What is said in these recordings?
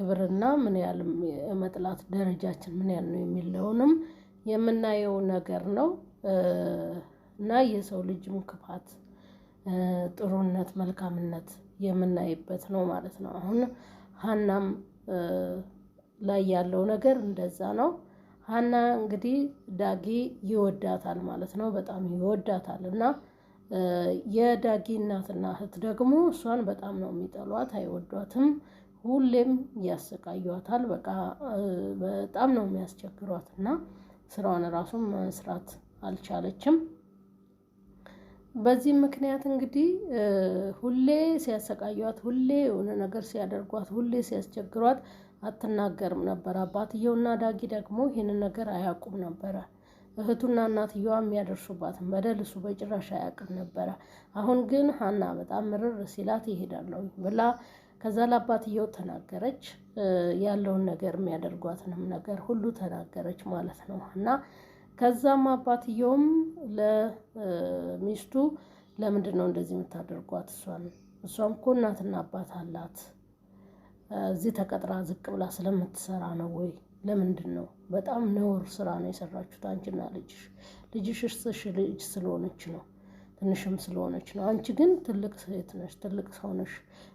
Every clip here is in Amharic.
ክብርና ምን ያህል መጥላት ደረጃችን ምን ያህል ነው የሚለውንም የምናየው ነገር ነው እና የሰው ልጅም ክፋት ጥሩነት፣ መልካምነት የምናይበት ነው ማለት ነው። አሁን ሀናም ላይ ያለው ነገር እንደዛ ነው። ሀና እንግዲህ ዳጊ ይወዳታል ማለት ነው። በጣም ይወዳታል እና የዳጊ እናትና እህት ደግሞ እሷን በጣም ነው የሚጠሏት፣ አይወዷትም። ሁሌም ያሰቃዩዋታል። በቃ በጣም ነው የሚያስቸግሯት እና ስራውን ራሱ መስራት አልቻለችም። በዚህ ምክንያት እንግዲህ ሁሌ ሲያሰቃዩዋት፣ ሁሌ የሆነ ነገር ሲያደርጓት፣ ሁሌ ሲያስቸግሯት አትናገርም ነበር። አባትየውና ዳጊ ደግሞ ይህንን ነገር አያውቁም ነበረ። እህቱና እናትየዋ የሚያደርሱባትን በደል እሱ በጭራሽ አያውቅም ነበረ። አሁን ግን ሀና በጣም ምርር ሲላት ይሄዳለሁ ብላ ከዛ ለአባትየው ተናገረች። ያለውን ነገር የሚያደርጓትንም ነገር ሁሉ ተናገረች ማለት ነው እና ከዛም አባትየውም ለሚስቱ ለምንድን ነው እንደዚህ የምታደርጓት? እሷን እሷም እኮ እናትና አባት አላት እዚህ ተቀጥራ ዝቅ ብላ ስለምትሰራ ነው ወይ? ለምንድን ነው? በጣም ነውር ስራ ነው የሰራችሁት አንቺና ልጅሽ። ልጅሽ ልጅ ስለሆነች ነው ትንሽም ስለሆነች ነው። አንቺ ግን ትልቅ ሴት ነች፣ ትልቅ ሰው ነሽ።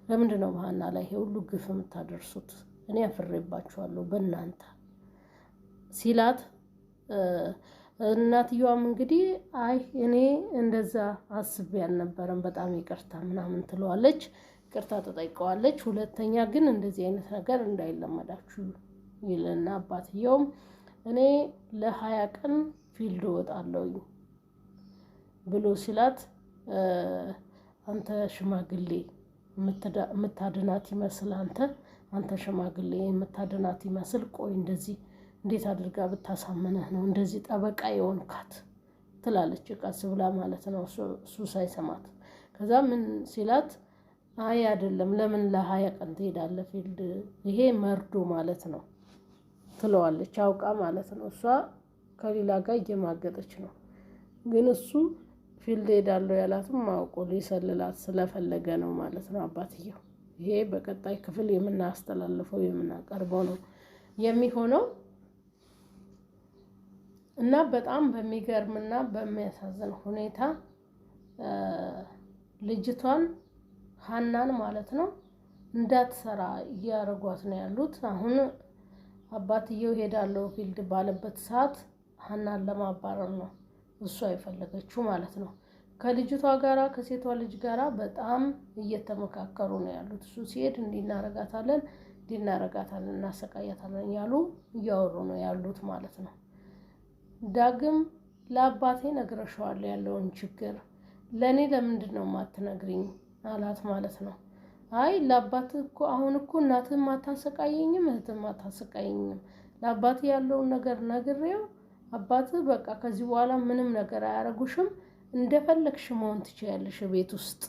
ለምንድን ነው ባህና ላይ ይሄ ሁሉ ግፍ የምታደርሱት? እኔ አፍሬባችኋለሁ በእናንተ ሲላት እናትየዋም እንግዲህ አይ እኔ እንደዛ አስቤ አልነበረም በጣም ይቅርታ ምናምን ትለዋለች። ይቅርታ ተጠይቀዋለች። ሁለተኛ ግን እንደዚህ አይነት ነገር እንዳይለመዳችሁ ይልና አባትየውም እኔ ለሀያ ቀን ፊልድ እወጣለሁ ብሎ ሲላት አንተ ሽማግሌ የምታድናት ይመስል አንተ አንተ ሽማግሌ የምታድናት ይመስል ቆይ እንደዚህ እንዴት አድርጋ ብታሳምነህ ነው እንደዚህ ጠበቃ የሆንካት ትላለች። ቀስ ብላ ማለት ነው እሱ ሳይሰማት። ከዛ ምን ሲላት አይ አይደለም፣ ለምን ለሀያ ቀን ትሄዳለህ ፊልድ ይሄ መርዶ ማለት ነው ትለዋለች። አውቃ ማለት ነው እሷ ከሌላ ጋር እየማገጠች ነው ግን እሱ ፊልድ ሄዳለሁ ያላትም አውቆ ሊሰልላት ስለፈለገ ነው ማለት ነው አባትየው። ይሄ በቀጣይ ክፍል የምናስተላልፈው የምናቀርበው ነው የሚሆነው እና በጣም በሚገርምና በሚያሳዝን ሁኔታ ልጅቷን ሀናን ማለት ነው እንዳትሰራ እያደረጓት ነው ያሉት። አሁን አባትየው ሄዳለው ፊልድ ባለበት ሰዓት ሀናን ለማባረር ነው። እሷ የፈለገችው ማለት ነው። ከልጅቷ ጋራ ከሴቷ ልጅ ጋራ በጣም እየተመካከሩ ነው ያሉት። እሱ ሲሄድ እንዲናረጋታለን እንዲናረጋታለን እናሰቃያታለን ያሉ እያወሩ ነው ያሉት ማለት ነው። ዳግም ለአባቴ ነግረሸዋለሁ ያለውን ችግር ለእኔ ለምንድን ነው ማትነግሪኝ አላት ማለት ነው። አይ ለአባት እኮ አሁን እኮ እናትህም አታሰቃየኝም እህትህም አታሰቃየኝም ለአባቴ ያለውን ነገር ነግሬው አባት በቃ ከዚህ በኋላ ምንም ነገር አያደርጉሽም፣ እንደፈለግሽ መሆን ትችያለሽ ቤት ውስጥ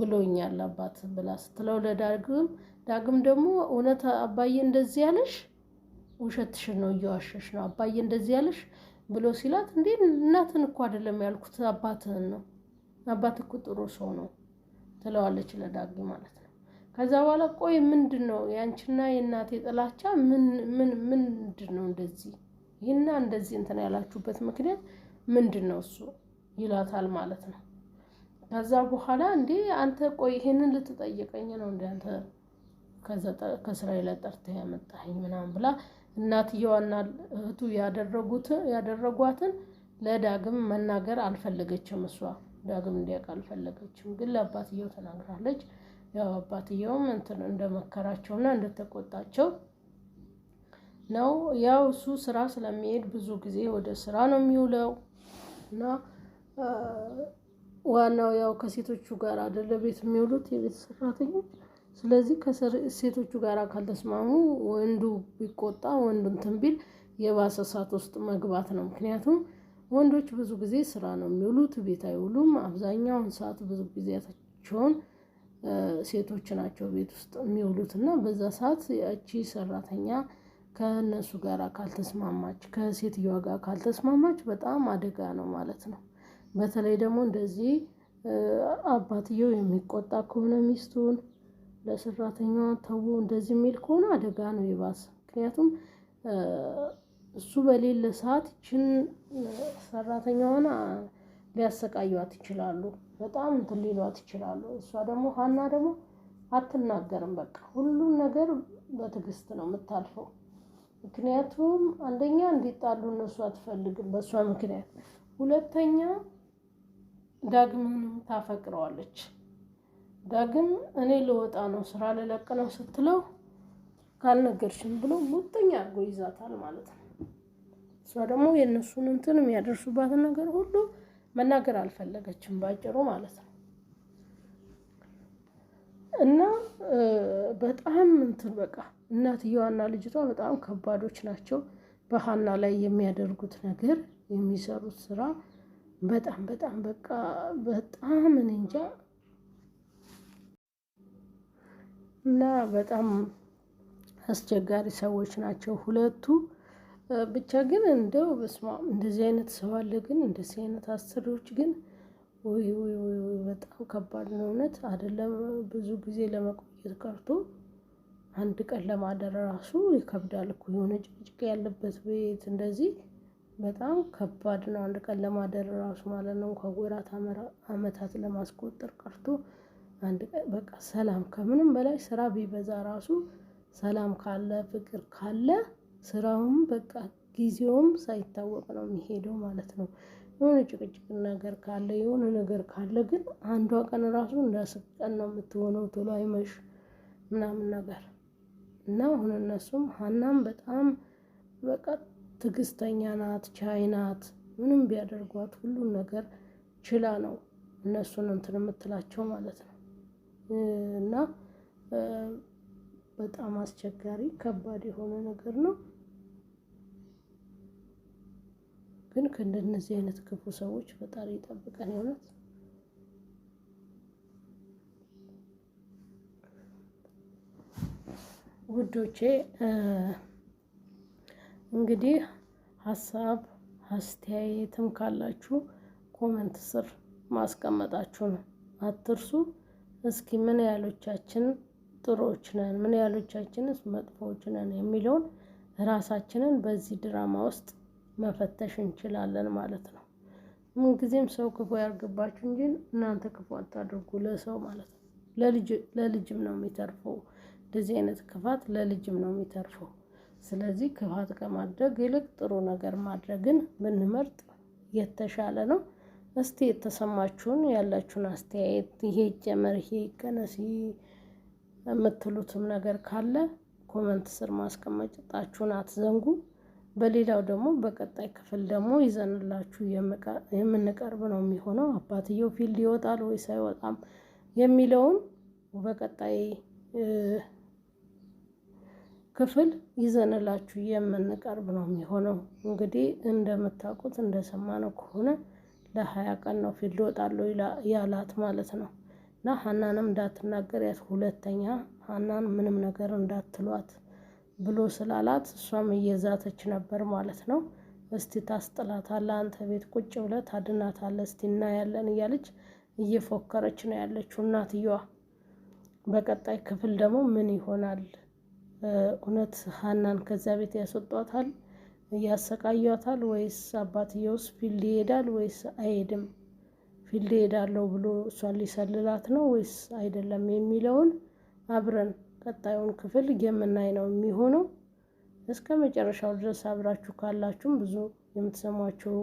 ብሎኛል አባት ብላ ስትለው ለዳግም ዳግም ደግሞ እውነት አባዬ እንደዚህ ያለሽ ውሸትሽን ነው እየዋሸሽ ነው አባዬ እንደዚህ ያለሽ ብሎ ሲላት እንዴ እናትን እኮ አይደለም ያልኩት አባትህን ነው አባት እኮ ጥሩ ሰው ነው ትለዋለች ለዳግም ማለት ነው። ከዛ በኋላ ቆይ ምንድን ነው የአንቺና የእናቴ ጥላቻ ምን ምን ምንድን ነው እንደዚህ ይህና እንደዚህ እንትን ያላችሁበት ምክንያት ምንድን ነው እሱ ይላታል ማለት ነው። ከዛ በኋላ እንዴ አንተ ቆይ ይሄንን ልትጠይቀኝ ነው እንደ አንተ ከእስራኤል ጠርተህ ያመጣኸኝ ምናምን ብላ እናትየዋና እህቱ ያደረጉት ያደረጓትን ለዳግም መናገር አልፈለገችም። እሷ ዳግም እንዲያውቅ አልፈለገችም፣ ግን ለአባትየው ተናግራለች። ያው አባትየውም እንትን እንደመከራቸውና እንደተቆጣቸው ነው። ያው እሱ ስራ ስለሚሄድ ብዙ ጊዜ ወደ ስራ ነው የሚውለው እና ዋናው ያው ከሴቶቹ ጋር አደለ ቤት የሚውሉት የቤት ሰራተኞች። ስለዚህ ከሴቶቹ ጋር ካልተስማሙ ወንዱ ቢቆጣ ወንዱ እንትን ቢል የባሰ እሳት ውስጥ መግባት ነው። ምክንያቱም ወንዶች ብዙ ጊዜ ስራ ነው የሚውሉት፣ ቤት አይውሉም። አብዛኛውን ሰዓት ብዙ ጊዜያቸውን ሴቶች ናቸው ቤት ውስጥ የሚውሉት እና በዛ ሰዓት ያቺ ሰራተኛ ከእነሱ ጋር ካልተስማማች ከሴትዮዋ ጋር ካልተስማማች በጣም አደጋ ነው ማለት ነው። በተለይ ደግሞ እንደዚህ አባትየው የሚቆጣ ከሆነ ሚስቱን ለሰራተኛዋ ተው እንደዚህ የሚል ከሆነ አደጋ ነው ይባስ። ምክንያቱም እሱ በሌለ ሰዓት ይችን ሰራተኛዋን ሊያሰቃዩት ይችላሉ። በጣም እንትን ሊሏት ይችላሉ። እሷ ደግሞ ሀና ደግሞ አትናገርም። በቃ ሁሉም ነገር በትዕግስት ነው የምታልፈው። ምክንያቱም አንደኛ እንዲጣሉ እነሱ አትፈልግም በእሷ ምክንያት፣ ሁለተኛ ዳግምንም ታፈቅረዋለች። ዳግም እኔ ልወጣ ነው ስራ ልለቅ ነው ስትለው ካልነገርሽም ብሎ ሙጠኛ አድርጎ ይዛታል ማለት ነው። እሷ ደግሞ የእነሱን እንትን የሚያደርሱባትን ነገር ሁሉ መናገር አልፈለገችም ባጭሩ ማለት ነው። እና በጣም እንትን በቃ እናትየዋና ልጅቷ በጣም ከባዶች ናቸው። በሀና ላይ የሚያደርጉት ነገር የሚሰሩት ስራ በጣም በጣም በቃ በጣም እንጃ እና በጣም አስቸጋሪ ሰዎች ናቸው ሁለቱ። ብቻ ግን እንደው በስማ እንደዚህ አይነት ሰው አለ። ግን እንደዚህ አይነት አሰሪዎች ግን ወይ ወይ ወይ በጣም ከባድ ነው እውነት አይደለም። ብዙ ጊዜ ለመቆየት ቀርቶ አንድ ቀን ለማደር ራሱ ይከብዳል እኮ የሆነ ጭቅጭቅ ያለበት ቤት እንደዚህ በጣም ከባድ ነው። አንድ ቀን ለማደር ራሱ ማለት ነው። ከጎራት ወራት አመታት ለማስቆጠር ቀርቶ አንድ ቀን በቃ ሰላም፣ ከምንም በላይ ስራ ቢበዛ ራሱ ሰላም ካለ ፍቅር ካለ ስራውም በቃ ጊዜውም ሳይታወቅ ነው የሚሄደው ማለት ነው። የሆነ ጭቅጭቅ ነገር ካለ የሆነ ነገር ካለ ግን አንዷ ቀን ራሱ እንዳስብ ቀን ነው የምትሆነው ቶሎ አይመሽ ምናምን ነገር እና አሁን እነሱም ሀናም በጣም በቃ ትዕግስተኛ ናት፣ ቻይ ናት። ምንም ቢያደርጓት ሁሉን ነገር ችላ ነው እነሱን እንትን የምትላቸው ማለት ነው። እና በጣም አስቸጋሪ ከባድ የሆነ ነገር ነው። ግን ከእንደነዚህ አይነት ክፉ ሰዎች ፈጣሪ ይጠብቀን ይሆናል። ውዶቼ እንግዲህ ሀሳብ አስተያየትም ካላችሁ ኮመንት ስር ማስቀመጣችሁን አትርሱ። እስኪ ምን ያህሎቻችን ጥሩዎች ነን፣ ምን ያህሎቻችንስ መጥፎዎች ነን የሚለውን ራሳችንን በዚህ ድራማ ውስጥ መፈተሽ እንችላለን ማለት ነው። ምንጊዜም ሰው ክፉ ያርግባችሁ እንጂ እናንተ ክፉ አታድርጉ ለሰው ማለት ነው። ለልጅም ነው የሚተርፈው እንደዚህ አይነት ክፋት ለልጅም ነው የሚተርፈው። ስለዚህ ክፋት ከማድረግ ይልቅ ጥሩ ነገር ማድረግን ብንመርጥ የተሻለ ነው። እስቲ የተሰማችሁን ያላችሁን አስተያየት፣ ይሄ ጨመር ይሄ ይቀነስ የምትሉትም ነገር ካለ ኮመንት ስር ማስቀመጫችሁን አትዘንጉ። በሌላው ደግሞ በቀጣይ ክፍል ደግሞ ይዘንላችሁ የምንቀርብ ነው የሚሆነው። አባትየው ፊልድ ይወጣል ወይስ አይወጣም የሚለውን በቀጣይ ክፍል ይዘንላችሁ የምንቀርብ ነው የሚሆነው። እንግዲህ እንደምታውቁት እንደሰማነው ከሆነ ለሀያ ቀን ነው ፊልድ እወጣለሁ ያላት ማለት ነው። እና ሀናንም እንዳትናገሪያት ሁለተኛ ሀናን ምንም ነገር እንዳትሏት ብሎ ስላላት እሷም እየዛተች ነበር ማለት ነው። እስቲ ታስጥላታለህ አንተ ቤት ቁጭ ብለህ ታድናታለህ፣ እስቲ እናያለን እያለች እየፎከረች ነው ያለችው እናትየዋ። በቀጣይ ክፍል ደግሞ ምን ይሆናል እውነት ሀናን ከዚያ ቤት ያስወጧታል ያሰቃያታል ወይስ አባትየውስ ፊልድ ይሄዳል ወይስ አይሄድም? ፊልድ ይሄዳለሁ ብሎ እሷን ሊሰልላት ነው ወይስ አይደለም የሚለውን አብረን ቀጣዩን ክፍል የምናይ ነው የሚሆነው። እስከ መጨረሻው ድረስ አብራችሁ ካላችሁም ብዙ የምትሰሟቸው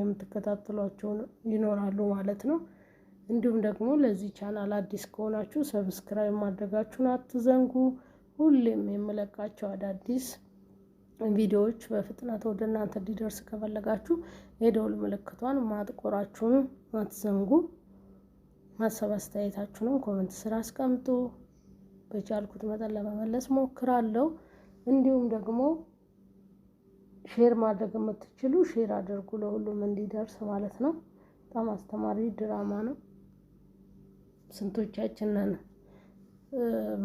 የምትከታተሏቸው ይኖራሉ ማለት ነው። እንዲሁም ደግሞ ለዚህ ቻናል አዲስ ከሆናችሁ ሰብስክራይብ ማድረጋችሁን አትዘንጉ። ሁሌም የምለቃቸው አዳዲስ ቪዲዮዎች በፍጥነት ወደ እናንተ እንዲደርስ ከፈለጋችሁ የደውል ምልክቷን ማጥቆራችሁን አትዘንጉ። ሀሳብ አስተያየታችሁንም ኮመንት ስራ አስቀምጡ። በቻልኩት መጠን ለመመለስ ሞክራለሁ። እንዲሁም ደግሞ ሼር ማድረግ የምትችሉ ሼር አድርጉ፣ ለሁሉም እንዲደርስ ማለት ነው። በጣም አስተማሪ ድራማ ነው። ስንቶቻችን ነን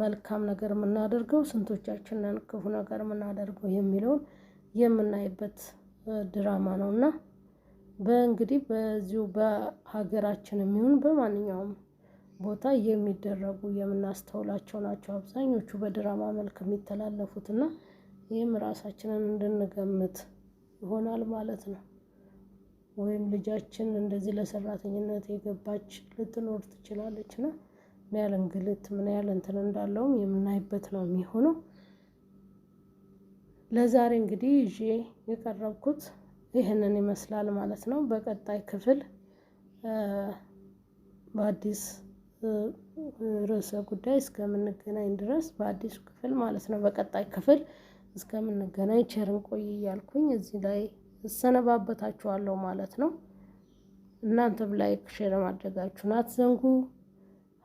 መልካም ነገር የምናደርገው ስንቶቻችን ነን ክፉ ነገር የምናደርገው የሚለውን የምናይበት ድራማ ነው እና በእንግዲህ በዚሁ በሀገራችን የሚሆን በማንኛውም ቦታ የሚደረጉ የምናስተውላቸው ናቸው አብዛኞቹ በድራማ መልክ የሚተላለፉት እና ይህም ራሳችንን እንድንገምት ይሆናል ማለት ነው። ወይም ልጃችን እንደዚህ ለሰራተኝነት የገባች ልትኖር ትችላለች እና ምን ያህል እንግልት ምን ያህል እንትን እንዳለውም የምናይበት ነው የሚሆነው። ለዛሬ እንግዲህ ይዤ የቀረብኩት ይህንን ይመስላል ማለት ነው። በቀጣይ ክፍል በአዲስ ርዕሰ ጉዳይ እስከምንገናኝ ድረስ በአዲሱ ክፍል ማለት ነው በቀጣይ ክፍል እስከምንገናኝ ቸርን ቆይ እያልኩኝ እዚህ ላይ እሰነባበታችኋለሁ ማለት ነው። እናንተም ላይክ ሼር ማድረጋችሁን አትዘንጉ።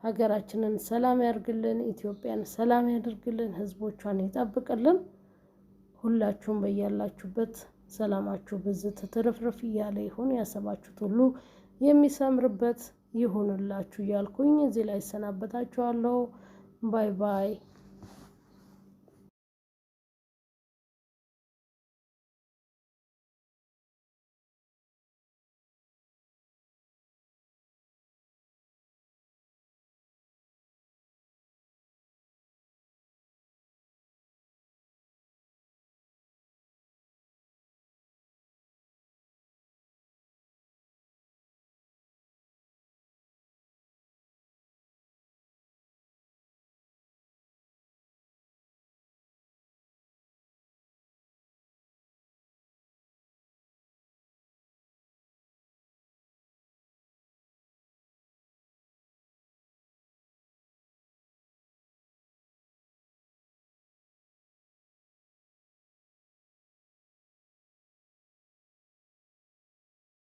ሀገራችንን ሰላም ያርግልን፣ ኢትዮጵያን ሰላም ያደርግልን፣ ህዝቦቿን ይጠብቅልን። ሁላችሁም በያላችሁበት ሰላማችሁ ብዝ ትርፍርፍ እያለ ይሁን። ያሰባችሁት ሁሉ የሚሰምርበት ይሁንላችሁ እያልኩኝ እዚህ ላይ እሰናበታችኋለሁ። ባይ ባይ።